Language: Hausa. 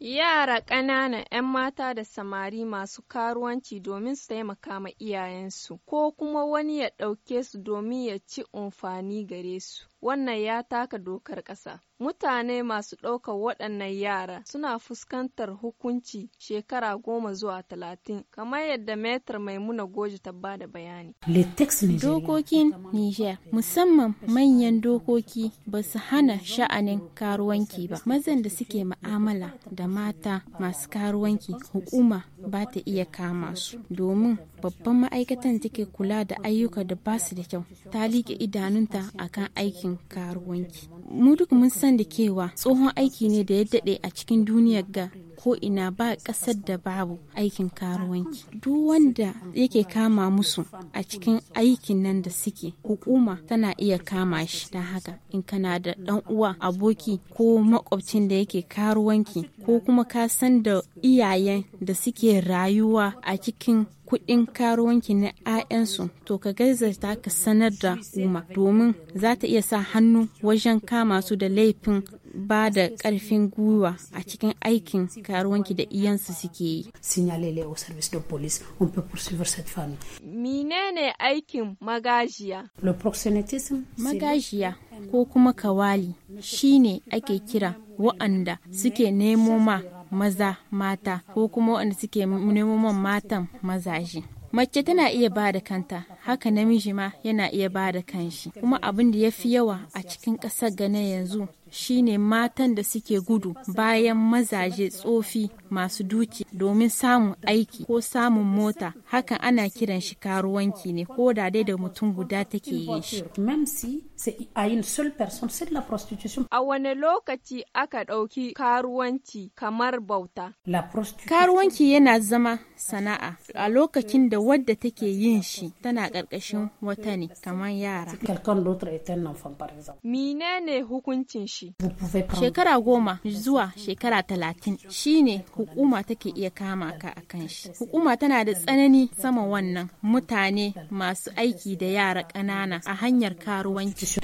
Yara ƙanana 'yan mata da samari masu karuwanci domin su taimaka ma iyayensu, ko kuma wani ya ɗauke su domin ya ci umfani gare su, wannan ya taka dokar ƙasa. Mutane masu ɗaukar waɗannan yara suna fuskantar hukunci shekara goma zuwa talatin, kamar yadda Metar Maimuna Goji ta ba da bayani. Dokokin Nijar, musamman manyan dokoki ba su hana sha'anin karuwanki ba. Mazan da suke ma'amala da mata masu karuwanki hukuma ba ta iya kama su. Domin babban ma'aikatan take kula da ayyuka da ba su da kyau, ta liƙe idanunta akan aikin karuwanki. Mu da kewa tsohon aiki ne da ya daɗe a cikin duniyar ga ko ina ba ƙasar da babu aikin karuwanci duk wanda yake kama musu a cikin aikin nan da suke hukuma tana iya kama shi don haka in kana da ɗan uwa aboki ko makwabcin da yake karuwanki ko kuma ka san da iyayen da suke rayuwa a cikin kuɗin karuwanki na 'ya'yansu to ka gaizarta ka sanar da hukuma domin za ta iya sa hannu wajen kama su da laifin ba da ƙarfin gwiwa a cikin aikin karuwanki da iyansu suke yi. Signalele au service de police, on peut poursuivre cette Menene aikin magajiya? Le Magajiya ko kuma kawali shi ne ake kira wa'anda suke nemo ma maza mata ko kuma wa'anda suke nemo ma matan mazaje. Mace tana iya ba da kanta haka namiji ma yana iya ba da kanshi kuma abin da ya fi yawa a cikin ƙasar gane yanzu shine matan da suke gudu bayan mazaje tsofi masu duki domin samun aiki ko samun mota hakan ana kiran shi karuwanki ne ko da dai da mutum guda take yin shi a wane lokaci aka ɗauki karuwanci kamar bauta Karuwanci yana zama sana'a a lokacin da wadda take yin shi tana karkashin mm, wata ne kamar yara. Mine ne hukuncin shi? Shekara goma zuwa shekara talatin shi ne hukuma take iya kama ka a kan shi. Hukuma tana da tsanani sama wannan mutane masu aiki da yara ƙanana a hanyar karuwanci.